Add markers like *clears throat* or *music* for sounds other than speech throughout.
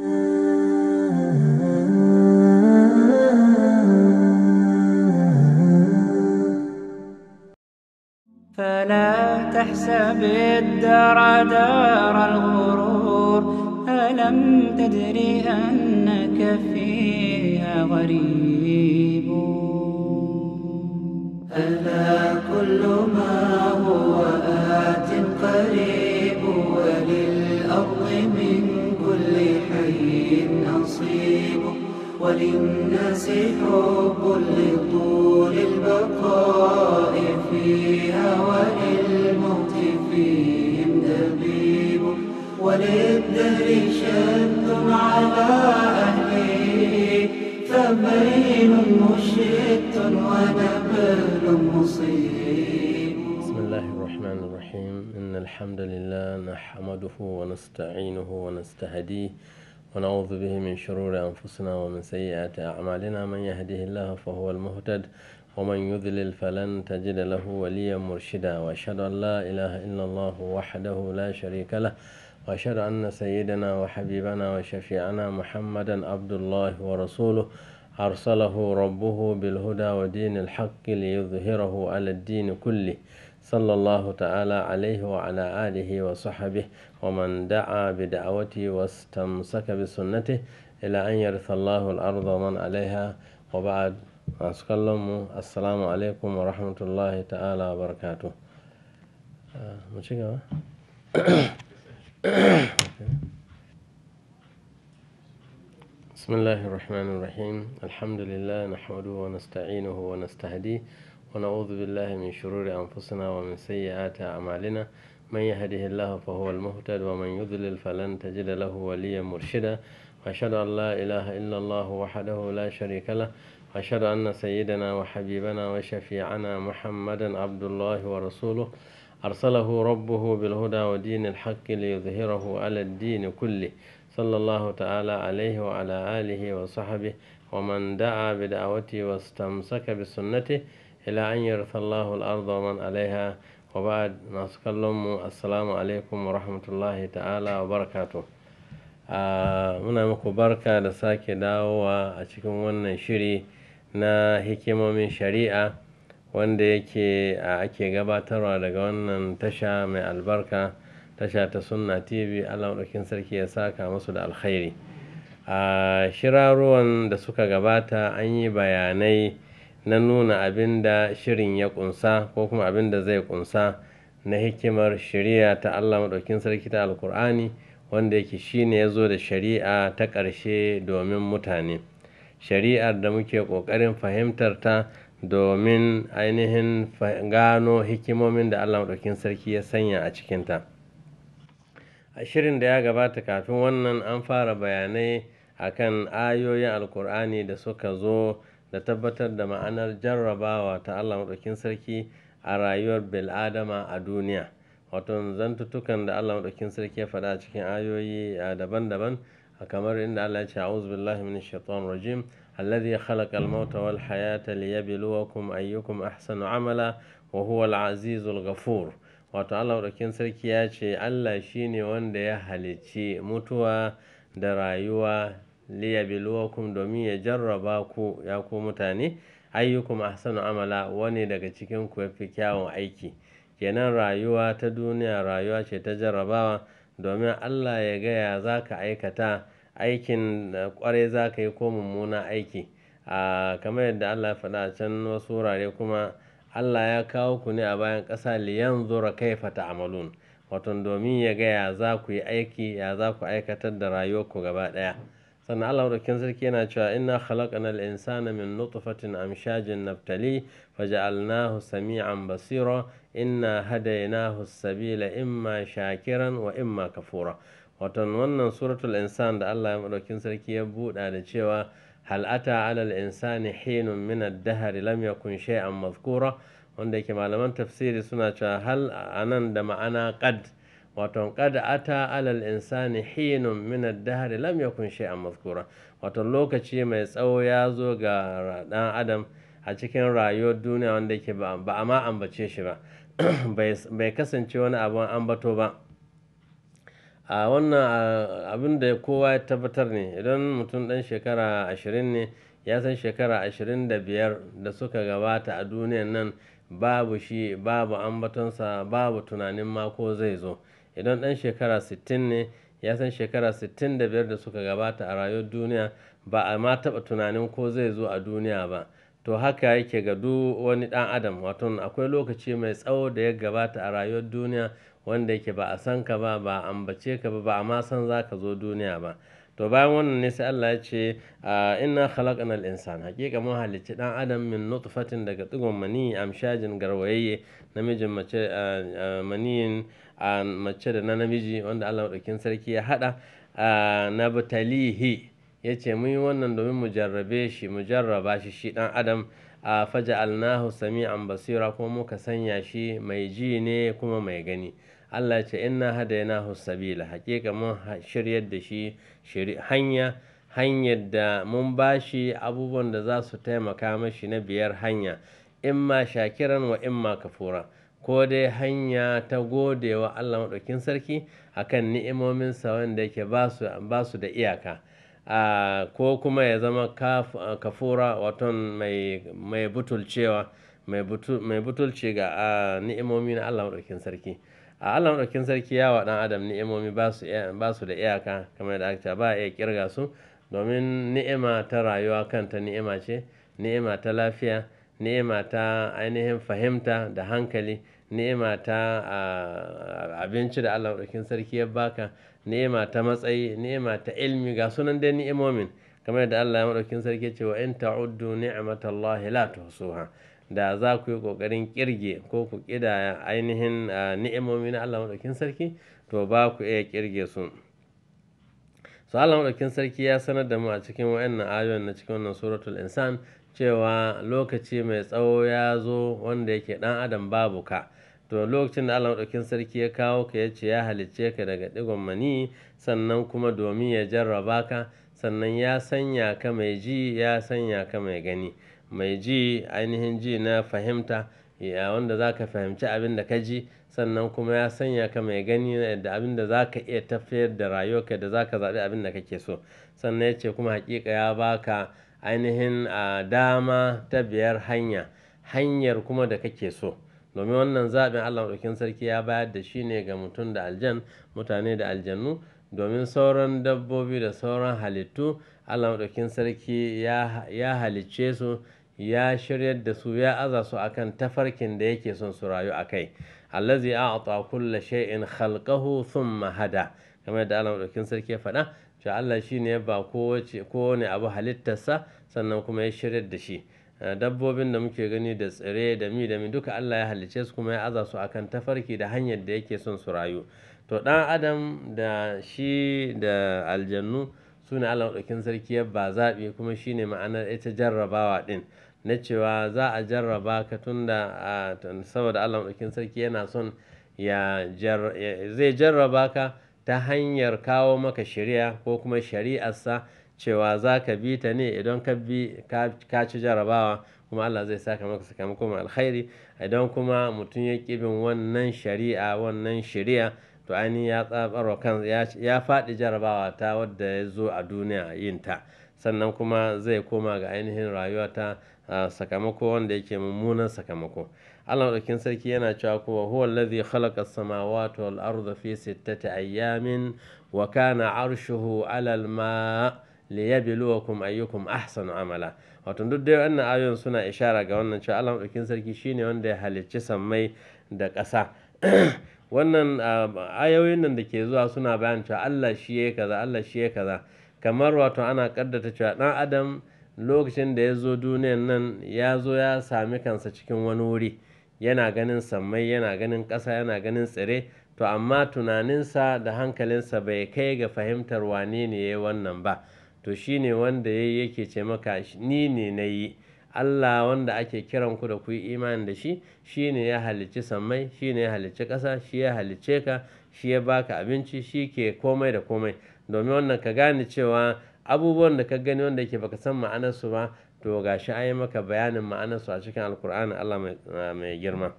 فلا تحسب الدار دار الغرور ألم تدري أنك فيها غريب وللناس حب لطول البقاء فيها وللموت فيهم دبيب وللدهر شد على أهله فبين مشت ونبل مصيب بسم الله الرحمن الرحيم إن الحمد لله نحمده ونستعينه ونستهديه ونعوذ به من شرور أنفسنا ومن سيئات أعمالنا من يهده الله فهو المهتد ومن يذلل فلن تجد له وليا مرشدا وأشهد أن لا إله إلا الله وحده لا شريك له وأشهد أن سيدنا وحبيبنا وشفيعنا محمدا عبد الله ورسوله أرسله ربه بالهدى ودين الحق ليظهره على الدين كله صلى الله تعالى عليه وعلى آله وصحبه ومن دعا بدعوته واستمسك بسنته إلى أن يرث الله الأرض ومن عليها وبعد أسكلم السلام عليكم ورحمة الله تعالى وبركاته آه، *coughs* بسم الله الرحمن الرحيم الحمد لله نحمده ونستعينه ونستهديه ونعوذ بالله من شرور أنفسنا ومن سيئات أعمالنا من يهده الله فهو المهتد ومن يضلل فلن تجد له وليا مرشدا وأشهد أن لا إله إلا الله وحده لا شريك له وأشهد أن سيدنا وحبيبنا وشفيعنا محمدا عبد الله ورسوله أرسله ربه بالهدى ودين الحق ليظهره على الدين كله صلى الله تعالى عليه وعلى آله وصحبه ومن دعا بدعوته واستمسك بسنته ila an yarsallahu al-ardu wa man alaiha wa ba'd masu kallon mu assalamu alaikum wa rahmatullahi ta'ala wa barakatuh muna muku barka da sake dawowa a cikin wannan shiri na hikimomin shari'a wanda yake ake gabatarwa daga wannan tasha mai albarka tasha ta sunna tv allah ɗaukin sarki ya saka musu da alkhairi a shiraruwan da suka gabata an yi bayanai na nuna abin da shirin ya kunsa ko kuma abin da zai kunsa na hikimar shari'a ta Allah maɗaukin sarki ta Alƙur'ani wanda yake ne ya zo da shari'a ta ƙarshe domin mutane shari'ar da muke ƙoƙarin fahimtar ta domin ainihin gano hikimomin da Allah maɗaukin sarki ya sanya a cikinta a shirin da ya gabata kafin wannan an fara bayanai akan ayoyin alkur'ani da suka zo da tabbatar da ma'anar jarrabawa ta Allah Maɗaukin Sarki a rayuwar bil'adama a duniya. Wato zantuttukan da Allah Maɗaukin Sarki ya faɗa a cikin ayoyi daban-daban kamar inda Allah ya ce a'udhu billahi minash shaitanir rajim alladhi khalaqal mauta wal hayata liyabluwakum ayyukum ahsanu amala wa huwal azizul ghafur wato Allah Maɗaukin Sarki ya ce Allah shine wanda ya halicci mutuwa da rayuwa kum domin ya jarraba ku ya ku mutane ayyukum ahsanu amala wani daga cikin ku yafi kyawun aiki kenan rayuwa ta duniya rayuwa ce ta jarrabawa domin Allah ya ga ya zaka aikata aikin kware zaka yi ko mummuna aiki a kamar yadda Allah ya faɗa can wasu wurare kuma Allah ya kawo ku ne a bayan ƙasa liyanzura kaifa ta'malun wato domin ya ga ya za ku yi aiki ya za ku aikatar da rayuwarku gaba ɗaya sannan Allah madaukakin sarki yana cewa inna khalaqnal insana min nutfatin amshajin naftali faj'alnahu sami'an basira inna hadaynahu sabila imma shakiran wa imma kafura watan wannan suratul insan da Allah madaukakin sarki ya buɗa da cewa hal ata ala al insani hinun min ad-dahr lam yakun shay'an madhkura wanda yake malaman tafsiri suna cewa hal anan da ma'ana qad wato kada ata alal insani hinun min ad-dahr lam yakun shay'an mazkura wato lokaci mai tsawo ya zo ga dan adam a cikin rayuwar duniya wanda yake ba a ma ambace shi ba *clears throat* bai kasance wani abin ambato ba a wannan abin da kowa ya tabbatar ne idan mutum ɗan shekara ashirin ne ya san shekara ashirin da biyar da suka gabata a duniyan nan babu shi babu ambatonsa babu tunanin ma ko zai zo Idan ɗan shekara 60 ne, ya san shekara 65 da da suka gabata a rayuwar duniya ba a ma taɓa tunanin ko zai zo a duniya ba. To haka yake ga duk wani ɗan adam. wato akwai lokaci mai tsawo da ya gabata a rayuwar duniya wanda yake ba a san ka ba, ba a ambace ka ba, ba a ma san za ka zo duniya ba. To bayan wannan ne sai Allah ya ce, ah, na khalaqna al insana." Hakika mun halicci dan adam min nutfatin daga tsugon maniyyi amshajin garwayayye namijin mace, ah, ah a mace da na namiji wanda Allah maɗaukin sarki ya haɗa na batalihi ya ce mun yi wannan domin mu jarrabe shi mu jarraba shi shi ɗan adam a faja alnahu an basira kuma muka sanya shi mai ji ne kuma mai gani Allah ce inna hadainahu sabila hakika mun shiryar da shi hanya hanyar da mun bashi abubuwan da za su taimaka mashi na biyar hanya imma shakiran wa imma kafura ko dai hanya ta gode wa Allah maɗaukin sarki akan ni'imominsa wanda yake ba su da iyaka ko kuma ya zama kafura waton mai butulcewa mai butulci ga ni'imomi na Allah maɗaukin sarki a Allah maɗaukin sarki ya wa ɗan adam ni'imomi ba su da iyaka kamar da aka ba iya kirga su domin ni'ima ta rayuwa kanta ni'ima ce ni'ima ta lafiya ni'ima ta ainihin fahimta da hankali, ni'ima ta abinci da Allah Sarki ya baka. ni'ima ta matsayi, ni'ima ta ilmi ga sunan dai ni'imomin. Kamar da Allah maɗaukin Sarki ya ce wa in ta'uddu Allah la tuhsuha. Da za ku yi ƙoƙarin ƙirge ko ku ƙida ainihin ni'imomi na Allah maɗaukin Sarki to ba ku iya ƙirge su. so Allah sarki ya sanar da mu a cikin wayannan ayoyin na cikin wannan suratul insan cewa lokaci mai tsawo ya zo wanda yake ɗan adam babu ka. To lokacin da Allah ɗaukin Sarki ya kawo ka yace ya halicce ka daga ɗigon mani sannan kuma domin ya jarraba ka sannan ya sanya ka mai ji ya sanya ka mai gani. Mai ji ainihin ji na fahimta ya wanda za ka fahimci abin da ka ji sannan kuma ya sanya ka mai gani da abin da za ka iya tafiyar da rayuwarka da za ka zaɓi abin da kake so sannan ya ce kuma haƙiƙa ya baka. ainihin a dama ta biyar hanya hanyar kuma da kake so domin wannan zaɓin allah ɗaukin sarki ya bayar da shi ne ga mutum da aljan mutane da aljannu domin sauran dabbobi da sauran halittu allah ɗaukin sarki ya halicce su ya shiryar da su ya aza su akan tafarkin da yake son su rayu a kai allazi a kulla shay'in khalqahu thumma hada kamar da Allah madaukakin sarki ya faɗa shi Allah shi ne ba kowane abu halittarsa sannan kuma ya shirya da shi dabbobin da muke gani da tsire da mi da mi duka Allah ya halicce su kuma ya aza su akan tafarki da hanyar da yake son su rayu to dan adam da shi da aljannu su ne Allah ɗaukin sarki ya ba zaɓi kuma shi ne ma'anar ita jarrabawa ɗin na cewa za a jarraba ka tunda saboda Allah ɗaukin sarki yana son ya zai jarraba ka ta hanyar kawo maka shari'a ko kuma shari'arsa cewa za ka bi ta ne idan ka bi ka ci jarabawa kuma Allah zai saka maka sakamako mai alkhairi idan kuma mutum ya ƙi bin wannan shari'a wannan shari'a to ainihin ya tsabarwa kan ya faɗi jarabawa ta wadda ya zo a duniya yin ta sannan kuma zai koma ga ainihin rayuwa ta ah, sakamako wanda yake mummunan sakamako Allah ɗaukin sarki yana cewa kuma huwa allazi khalaqa samawati wal arda fi sittati ayyamin wa kana arshuhu 'ala al-ma' kuma ayyukum ahsanu amala wato duk dai wannan ayoyin suna ishara ga wannan cewa Allah ɗaukin sarki shine wanda ya halicci sammai da ƙasa *clears throat* wannan ah, ayoyin nan da ke zuwa suna bayan cewa Allah shi ya kaza Allah shi ya kaza kamar wato ana kaddata cewa dan adam lokacin da ya zo duniyan nan ya zo ya sami kansa cikin wani wuri yana ganin sammai yana ganin ƙasa yana ganin tsire to amma tunaninsa da hankalinsa bai kai ga fahimtar wane ne ya wannan ba to shi ne wanda ya yake ce maka ni ne na yi Allah wanda ake kiran ku da ku yi imani da shi shi ne ya halicci sammai shi ne ya halicci ƙasa shi ya halicce ka shi ya baka abinci shi ke komai da komai domin wannan ka gane cewa abubuwan da ka gani wanda yake baka san ma'anarsu ba to ga shi an yi maka bayanin ma'anarsu a cikin alkur'ani allah mai girma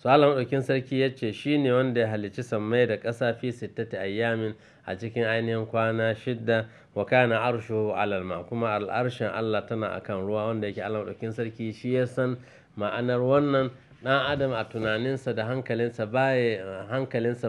su allah maɗaukin sarki ya ce shi ne wanda ya halicci sammai da ƙasa fi sittati ayyamin a cikin ainihin kwana shidda wa kana arshu alalma kuma al'arshin allah tana a kan ruwa wanda yake allah maɗaukin sarki shi ya san ma'anar wannan ɗan adam a tunaninsa da hankalinsa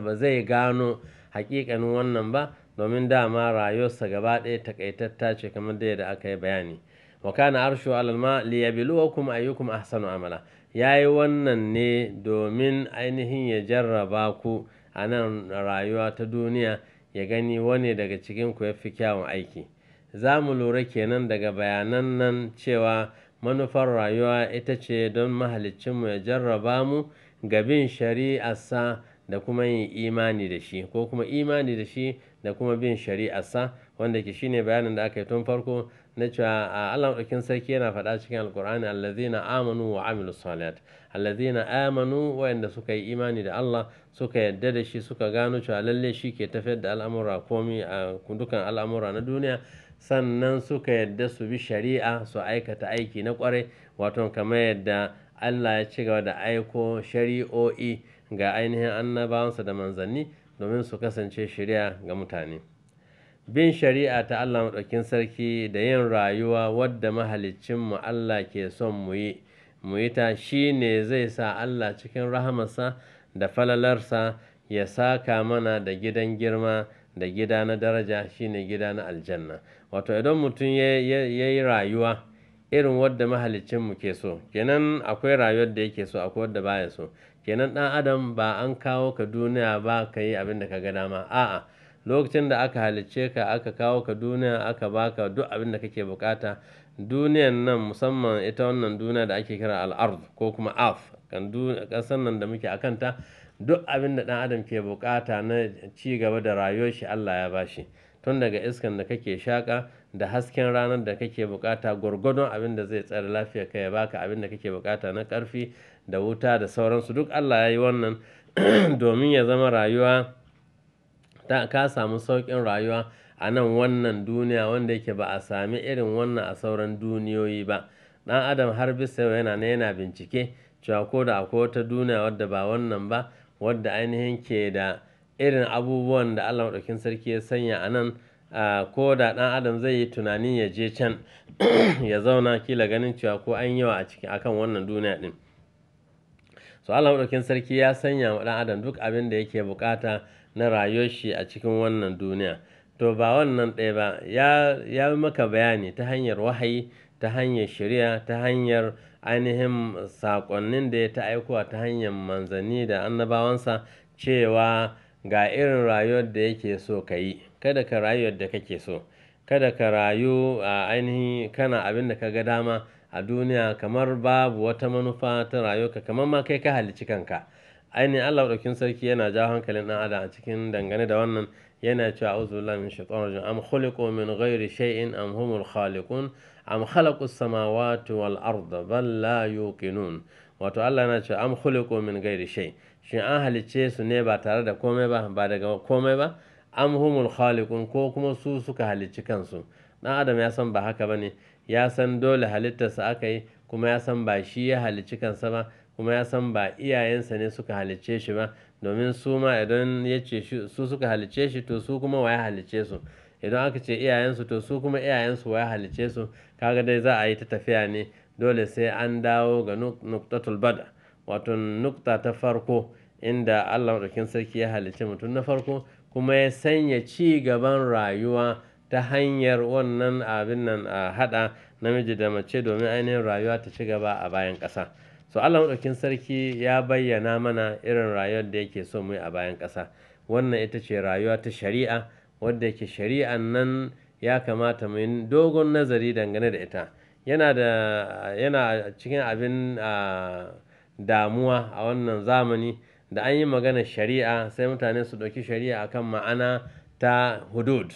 ba zai gano hakikanin wannan ba domin dama rayuwarsa gaba ɗaya takaitatta ce kamar da yadda aka yi bayani wa kana arshu alal ma liyabluwakum ayyukum ahsanu amala yayi wannan ne domin ainihin ya jarraba ku a nan rayuwa ta duniya ya gani wani daga cikin ku ya kyawun aiki za mu lura kenan daga bayanan nan cewa manufar rayuwa ita ce don mahaliccinmu ya jarraba mu ga bin shari'arsa da kuma yin imani da shi ko kuma imani da shi da kuma bin shari'arsa wanda ke shine bayanin da aka yi tun farko na cewa a Allah ɗaukin sarki yana faɗa cikin alkur'ani allazina amanu wa amilu salat allazina amanu wayanda suka yi imani da Allah suka yadda da shi suka gano cewa lalle shi ke tafiyar da al'amura komi a dukan al'amura na duniya sannan suka yadda su bi shari'a su aikata aiki na kwarai wato kamar yadda Allah ya ci gaba da aiko shari'o'i ga ainihin annabawansa da manzanni domin su kasance shari'a ga mutane bin shari'a ta Allah maɗaukin sarki da yin rayuwa wadda mahaliccinmu Allah ke son mu yi mu yi ta shi ne zai sa Allah cikin rahamarsa da falalarsa ya saka mana da gidan girma da gida na daraja shine gida na aljanna wato idan mutum ya yi rayuwa irin wadda mahaliccinmu ke so kenan akwai rayuwar da yake so akwai wadda baya so kenan ɗan adam ba an kawo ka duniya ba ka yi abin da ka ga dama a'a lokacin da aka halicce ka aka kawo ka duniya aka baka duk abin da kake bukata duniyan nan musamman ita wannan duniya da ake kira al'ard ko kuma af kan nan da muke akanta duk abin da ɗan adam ke bukata na ci gaba da rayuwar shi Allah ya bashi tun daga iskan da kake shaka. da hasken ranar da kake bukata gwargwadon abin da zai tsare lafiyar ka ya baka abin da kake bukata na karfi da wuta da sauransu duk Allah ya yi wannan *clears throat* domin ya zama rayuwa ta ka samu sauƙin rayuwa a nan wannan duniya wanda yake ba a sami irin wannan a sauran duniyoyi ba ɗan adam har bisa yana na yana bincike cewa ko da akwai wata duniya wadda ba wannan ba wadda ainihin ke da irin abubuwan da Allah maɗaukin sarki ya sanya a nan ko da ɗan adam zai yi tunanin ya je can *clears throat* ya zauna kila ganin cewa ko an yawa a cikin akan wannan duniya ɗin so Allah maɗaukin sarki ya sanya wa ɗan adam duk abin da yake bukata na rayuwar shi a cikin wannan duniya to ba wannan ɗaya ba ya yi maka bayani ta hanyar wahayi ta hanyar shari'a ta hanyar ainihin saƙonnin da ya ta aikowa ta hanyar manzanni da annabawansa cewa ga irin rayuwar da yake so ka yi kada ka rayu yadda kake so kada ka rayu a ainihi kana abin da ka ga dama a duniya kamar babu wata manufa ta ka kamar ma kai ka halicci kanka ainihin Allah ɗaukin sarki yana jawo hankalin ɗan adam a cikin dangane da wannan yana cewa auzu billahi min shaitanir rajim am khuliqu min ghairi shay'in am humul khaliqun am khalaqus samawati wal arda bal la yuqinun wato Allah yana cewa am khuliqu min ghairi shay'in shin an halicce su ne ba tare da komai ba ba daga komai ba am humul khaliqun ko kuma su suka halicci kansu ɗan adam ya san ba haka bane ya san dole halittarsa aka yi kuma ya san ba shi ya halicci kansa ba kuma ya san ba iyayensa ne suka halicce shi ba domin su ma idan ya ce su suka halicce shi to su kuma waya halicce su idan aka ce iyayensu to su kuma iyayensu waya halicce su kaga dai za a yi ta tafiya ne dole sai an dawo ga nuktatul bada wato nukta ta farko inda Allah maɗaukin sarki ya halicci mutum na farko kuma ya sanya ci gaban rayuwa ta hanyar wannan abin nan a haɗa namiji da mace domin ainihin rayuwa ta ci gaba a bayan ƙasa so Allah maɗaukin sarki ya bayyana mana irin rayuwar da yake so mu a bayan ƙasa wannan ita ce rayuwa ta shari'a wadda yake shari'an nan ya kamata mu yi dogon nazari dangane da ita yana da yana cikin abin damuwa a wannan zamani da an yi maganar shari'a sai mutane su ɗauki shari'a akan ma'ana ta hudud.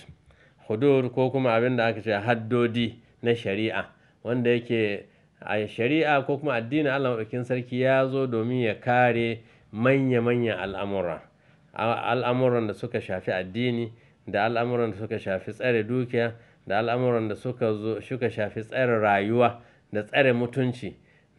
Hudud ko kuma abin da aka ce haddodi na shari'a wanda yake a shari'a ko kuma addinin Allah Maɗaukakin Sarki ya zo domin ya kare manya manyan al'amura. Al'amuran da suka shafi addini da al'amuran da suka shafi tsare dukiya da al'amuran da suka shafi tsare rayuwa da tsare mutunci.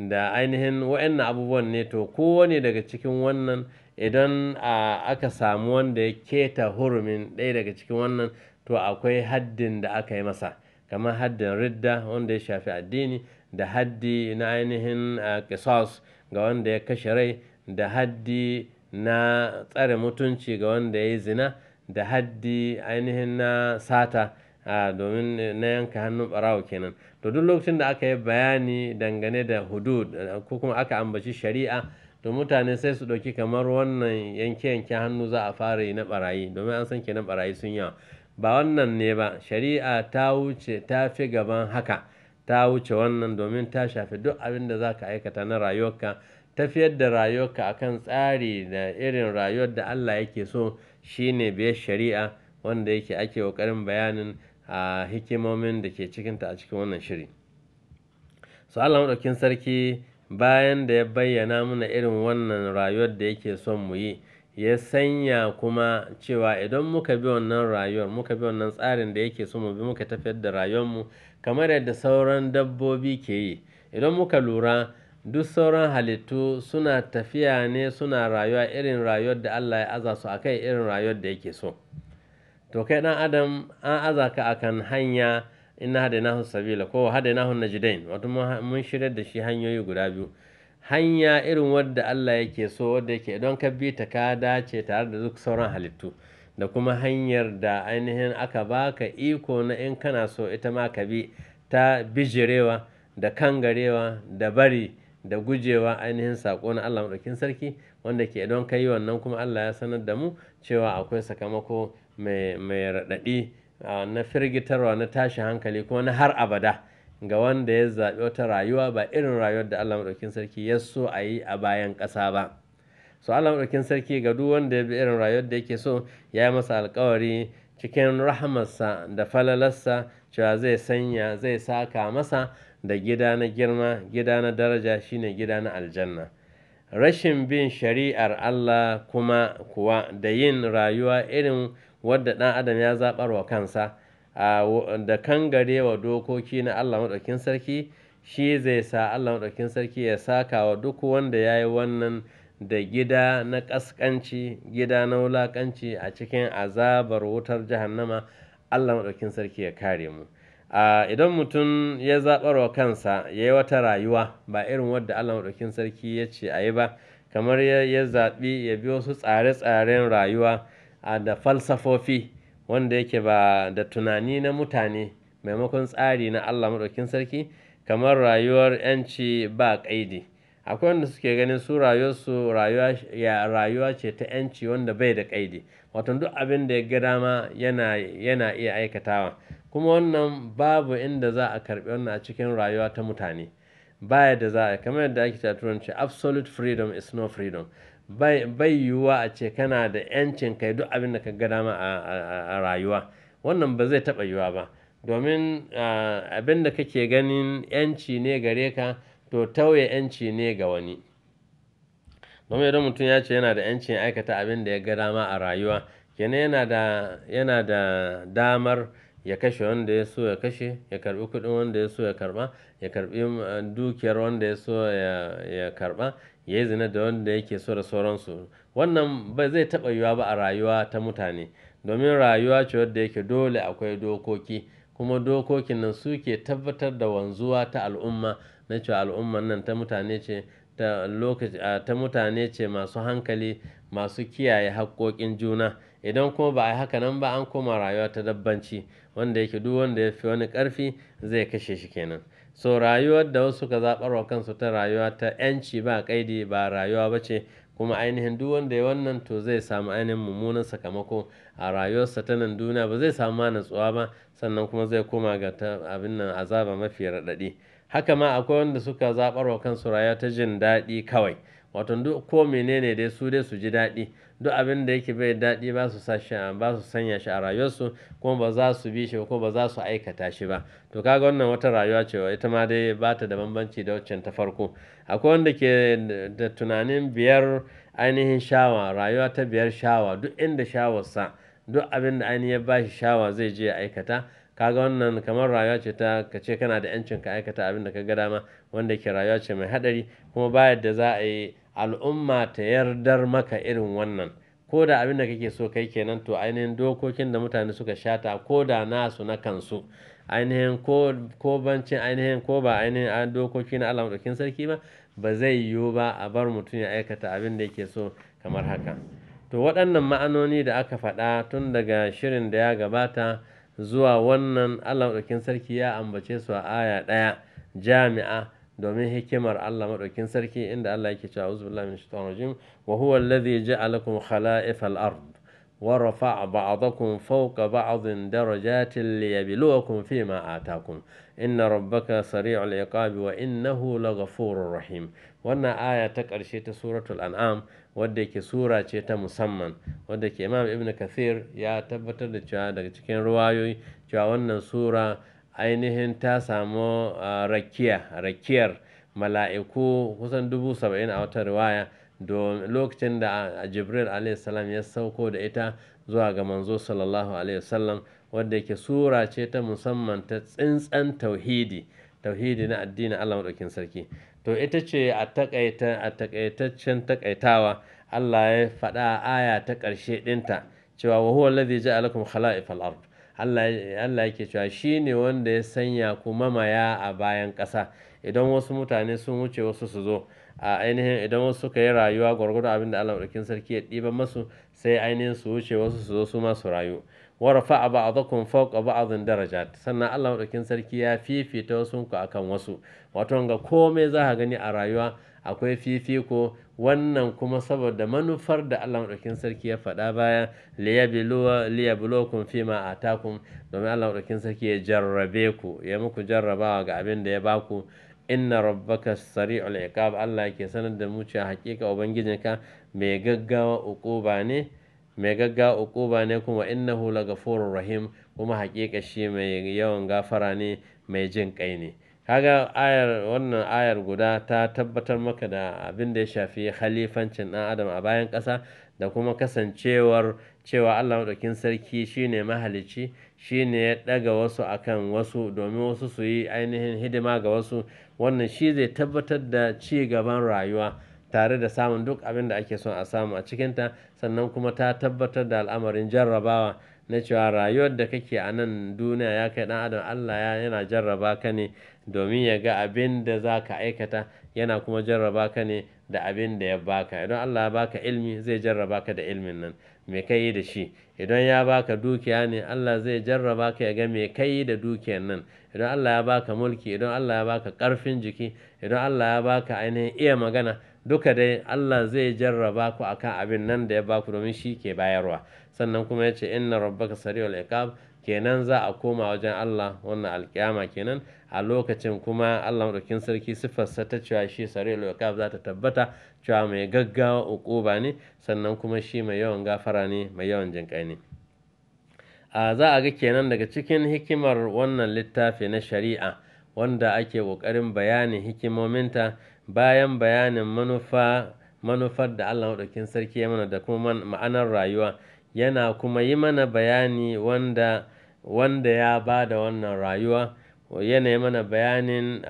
da ainihin wa'annan abubuwan ne to kowane daga cikin wannan idan aka samu wanda ya keta hurumin ɗaya daga cikin wannan to akwai haddin da aka yi masa kamar haddin ridda wanda ya shafi addini da haddi na ainihin kisos ga wanda ya kashe rai da haddi na tsare mutunci ga wanda ya yi zina da haddi ainihin na sata a ah, domin eh, na yanka hannun barawo kenan to duk lokacin da aka yi bayani dangane da hudud eh, ko kuma aka ambaci shari'a to mutane sai su ɗauki kamar wannan yanke-yanke hannu za a fara yi na barayi domin an san kenan barayi sun yawa ba wannan ne ba shari'a ta wuce ta fi gaban haka ta wuce wannan domin ta shafi duk abin da za ka aikata na rayuwarka tafiyar da rayuwarka akan tsari da irin rayuwar da Allah yake so shine biyar shari'a wanda yake ake ƙoƙarin bayanin a hikimomin da ke cikinta a cikin wannan shiri so Allah maɗaukin sarki bayan da ya bayyana muna irin wannan rayuwar da yake son mu yi ya sanya kuma cewa idan muka bi wannan rayuwar muka bi wannan tsarin da yake so mu bi muka tafiyar da mu kamar yadda sauran dabbobi ke yi idan muka lura duk sauran halittu suna tafiya ne suna rayuwa irin rayuwar da Allah ya aza su akai irin rayuwar da yake so to kai dan adam an aza ka akan hanya inna hadainahu sabila ko hada hadainahu najdain wato mun shirar da shi hanyoyi guda biyu hanya irin wadda Allah yake so wadda yake don ka bi ta ka dace tare da duk sauran halittu da kuma hanyar da ainihin aka baka iko na in kana so ita ma ka bi ta bijirewa da kangarewa da bari da gujewa ainihin sako na Allah madaukin sarki wanda ke don ka yi wannan kuma Allah ya sanar da mu cewa akwai sakamako mai raɗaɗi na firgitarwa na tashi hankali kuma na har abada ga wanda ya zaɓi wata rayuwa ba irin rayuwar da Allah maɗaukin sarki ya so a yi a bayan ƙasa ba so Allah maɗaukin sarki ga duk wanda ya bi irin rayuwar da yake so ya yi masa alkawari cikin rahamarsa da falalarsa cewa zai sanya zai saka masa da gida na girma gida na daraja shine gida na aljanna rashin bin shari'ar Allah kuma kuwa da yin rayuwa irin wadda ɗan adam ya zaɓar wa kansa da gare wa dokoki na Allah maɗaukin sarki shi zai sa Allah maɗaukin sarki ya saka wa duk wanda ya yi wannan da gida na ƙasƙanci gida na wulaƙanci a cikin azabar wutar jahannama Allah maɗaukin sarki ya kare mu idan mutum ya zaɓar wa kansa ya yi wata rayuwa ba irin wadda Allah maɗaukin sarki ya ce a yi ba kamar ya zaɓi ya bi wasu tsare-tsaren rayuwa da falsafofi wanda yake ba da tunani na mutane maimakon tsari na Allah maɗaukin sarki kamar rayuwar 'yanci ba kaidi akwai wanda suke ganin su rayuwarsu rayuwa ce ta 'yanci wanda bai da kaidi wato duk abin da ya ga dama yana, iya aikatawa kuma wannan babu inda za a karbi wannan a cikin rayuwa ta mutane baya da za a kamar yadda ake ta turanci absolute freedom is no freedom bai yiwuwa a ce kana da 'yancin kai duk abin da ka ga dama a rayuwa wannan ba zai taba yiwuwa ba domin abin da kake ganin 'yanci ne gare ka to tauye 'yanci ne ga wani domin idan mutum ya ce yana da 'yancin aikata abin da ya ga dama a rayuwa kenan yana da damar ya kashe wanda ya so ya kashe ya karbi kudin wanda ya so ya karba ya karbi eh, dukiyar wanda ya so ya karba ya yi zina da wanda yake so da sauransu wannan ba zai taɓa yiwuwa ba a rayuwa ta mutane domin rayuwa ce wadda yake dole akwai dokoki kuma dokokin nan suke tabbatar da wanzuwa ta al'umma na cewa al'umman nan ta mutane ce ta, mutane ce masu hankali masu kiyaye haƙƙoƙin juna idan kuma ba a yi haka nan ba an koma rayuwa ta dabbanci wanda yake duk wanda ya fi wani ƙarfi zai kashe shi kenan so rayuwar da wasu ka zaɓar wa kansu ta rayuwa ta 'yanci ba ƙaidi ba rayuwa ba ce kuma ainihin duk wanda ya wannan to zai samu ainihin mummunan sakamako a rayuwarsa ta nan duniya ba zai samu natsuwa ba sannan kuma zai koma ga ta abin nan azaba mafi raɗaɗi haka ma akwai wanda suka zaɓar wa kansu rayuwa ta jin daɗi kawai wato duk ko menene dai su dai su ji daɗi duk abin da yake bai daɗi ba su ba su sanya shi a rayuwarsu kuma ba za su bi shi ko ba za su aikata shi ba to kaga wannan wata rayuwa cewa ita ma dai ba ta da bambanci da waccan ta farko akwai wanda ke da tunanin biyar ainihin shawa rayuwa ta biyar shawa duk inda shawarsa duk abin da ainihin ya ba shi shawa zai je ya aikata kaga wannan kamar rayuwa ce ta ka ce kana da yancin ka aikata abin da ka ga dama wanda ke rayuwa ce mai haɗari kuma ba yadda za a yi al'umma ta yardar maka irin wannan ko da abin da kake so kai kenan to ainihin dokokin da mutane suka shata ko da nasu na kansu ainihin ko bancin ainihin ko ba ainihin dokoki na Allah madaukin sarki ba ba zai yiwu ba a bar mutum ya aikata abin da yake so kamar haka to waɗannan ma'anoni da aka faɗa tun daga shirin da ya gabata zuwa wannan Allah madaukin sarki ya ambace su a aya ɗaya jami'a domin hikimar Allah maɗaukin sarki inda Allah yake cewa a'udhu billahi minash shaitanir rajim wa huwa alladhi ja'alakum khala'ifal ard wa rafa'a ba'dakum fawqa ba'din darajatin liyabluwakum fima atakum inna rabbaka sari'ul iqabi wa innahu laghafurur rahim wannan aya ta ƙarshe ta suratul an'am wadda ke sura ce ta musamman wadda ke imam ibn kathir ya tabbatar da cewa daga cikin ruwayoyi cewa wannan sura ainihin ta samu ah, rakiya rakiyar mala'iku kusan dubu saba'in a wata riwaya lokacin da ah, jibril alaihissalam ya sauko da ita zuwa ga manzo sallallahu alaihi wasallam wadda yake sura ce ta musamman ta tsintsan tauhidi tauhidi na addinin allah maɗaukin sarki to ita ce a takaitaccen takaitawa Allah ya faɗa aya ta ƙarshe ɗinta cewa wa huwa allazi ja'alakum khala'ifal ard Allah yake cewa shi ne wanda ya sanya ku mamaya a bayan ƙasa idan wasu mutane sun wuce wasu su zo a ainihin idan wasu suka yi rayuwa gwargwado abin da Allah ɗaukin sarki ya ɗiba masu sai ainihin su wuce wasu su zo su ma su rayu warafa a ba'dakum fawqa ba'dhin daraja sannan Allah ɗaukin sarki ya fifita wasu ku akan wasu wato ga komai za ka gani a rayuwa akwai fifiko wannan kuma saboda manufar da Allah maɗaukin sarki ya faɗa baya ma a atakum domin Allah maɗaukin sarki ya jarrabe ku ya muku jarrabawa ga abin da ya baku inna rabbaka sari'ul iqab Allah yake sanar da mu cewa hakika ubangijinka mai gaggawa uquba ne mai gaggawa uquba ne kuma innahu lagafurur rahim kuma hakika shi mai yawan gafara ne mai jin kai ne kaga ayar wannan ayar guda ta tabbatar maka da abin da ya shafi khalifancin ɗan adam a bayan ƙasa da kuma kasancewar cewa Allah maɗaukin sarki shine mahalicci shine ya ɗaga wasu akan wasu domin wasu su yi ainihin hidima ga wasu wannan shi zai tabbatar da ci gaban rayuwa tare da samun duk abin da ake son a samu a cikinta sannan kuma ta tabbatar da al'amarin jarrabawa na cewa rayuwar da kake a nan duniya ya kai ɗan adam Allah ya yana jarraba ka ne domin ya ga abin da za ka aikata yana kuma jarraba ka ne da abin da ya baka idan Allah ya baka ilmi zai jarraba ka da ilmin nan me kai da shi idan ya baka dukiya ne Allah zai jarraba ka ya ga me kai da dukiyar nan idan Allah ya baka mulki idan Allah ya baka karfin jiki idan Allah ya baka ainihin iya magana duka dai Allah zai jarraba ku akan abin nan da ya baku domin shi ke bayarwa sannan kuma ya ce inna rabbaka sari'ul iqab kenan za a koma wajen Allah wannan alkiyama kenan a lokacin kuma Allah madaukin sarki siffarsa ta cewa shi sari'ul iqab za ta tabbata cewa mai gaggawa uquba ne sannan kuma shi mai yawan gafara ne mai yawan jinƙai ne a za a ga kenan daga cikin hikimar wannan littafi na shari'a wanda ake ƙoƙarin bayanin hikimominta bayan bayanin manufa manufar da Allah sarki ya mana da kuma ma'anar rayuwa yana kuma yi mana bayani wanda, wanda ya ba da wannan rayuwa. Yana yi mana bayanin,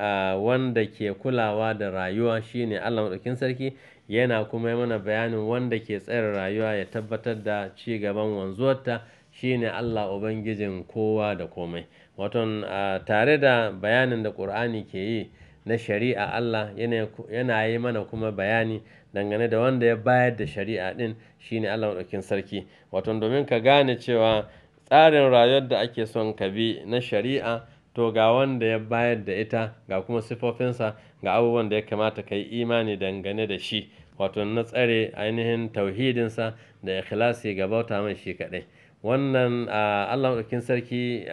wanda ke kulawa da rayuwa shine Allah maɗaukin Sarki. Yana kuma yi mana bayanin wanda ke tsare rayuwa ya tabbatar da ci gaban wanzuwarta shine Allah Ubangijin kowa da komai. Waton, tare da bayanin da Kur'ani ke yi na shari'a Allah yana yi mana kuma bayani dangane da wanda ya bayar da shari'a din shine Allah maɗaukin sarki wato domin ka gane cewa tsarin rayuwar da ake son ka bi na shari'a to ga wanda ya bayar da ita ga kuma sifofinsa ga abubuwan da ya kamata ka yi imani dangane da shi wato na tsare ainihin tauhidinsa da ikhlasi ga bauta mai shi kaɗai wannan allah maɗaukin sarki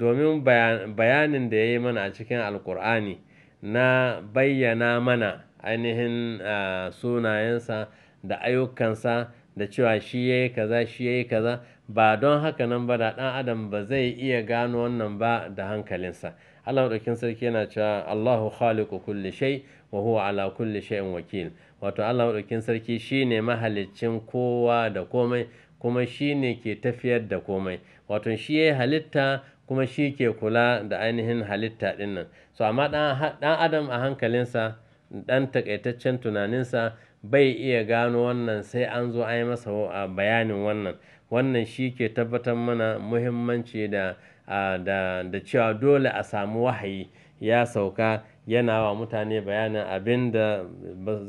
domin bayanin da ya yi mana a cikin alkur'ani na bayyana mana ainihin sunayensa da ayyukansa da cewa shi ya yi kaza shi ya yi kaza ba don haka nan ba da ɗan adam ba zai iya gano wannan ba da hankalinsa Allah ɗaukin sarki yana cewa Allahu khaliqu kulli shai. wa huwa ala kulli shay'in wakil wato Allah ɗaukin sarki shine mahaliccin kowa da komai kuma shine ke tafiyar da komai wato shi ya halitta kuma shi ke kula da ainihin halitta ɗin nan so amma ɗan adam a hankalinsa ɗan takaitaccen tunaninsa bai iya gano wannan sai an zo a yi masa bayanin wannan wannan shi ke tabbatar mana muhimmanci da da cewa dole a samu wahayi ya sauka yana wa mutane bayanin abin da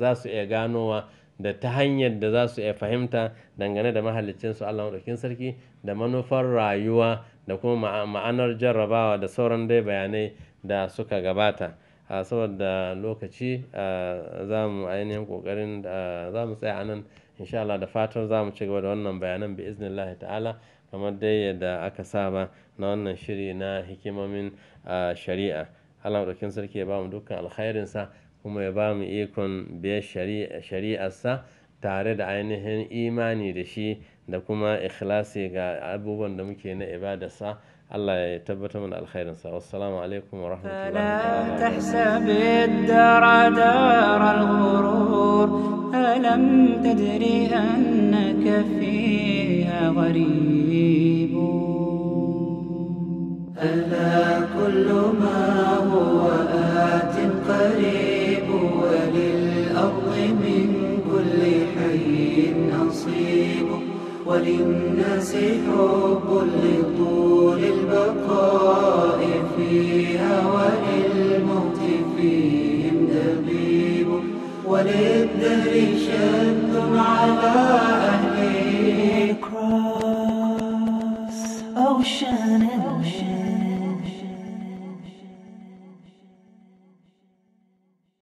za su iya ganowa da ta hanyar da za su iya fahimta dangane da mahalicinsu Allah maɗaukin sarki da manufar rayuwa da kuma ma'anar jarrabawa da sauran dai bayanai da suka gabata. A saboda lokaci, za mu ainihin kokarin a za mu tsaya anan nan Allah da fatan za mu ci gaba da wannan bayanan bi iznillahi ta'ala kamar dai yadda aka saba na wannan shiri na hikimomin shari'a. Allah Maɗaukakin Sarki ya bamu dukkan alkhairinsa kuma ya bamu ikon biyar sa tare da ainihin imani da shi da kuma ikhlasi ga abubuwan da muke na ibadarsa Allah ya tabbata mana alkhairinsa wassalamu alaikum wa rahmatullahi wa barakatuh ألم تدري أنك فيها غريب وللناس حب لطول البقاء فيها وللموت فيهم دبيب وللدهر شد على أهله كروس أو and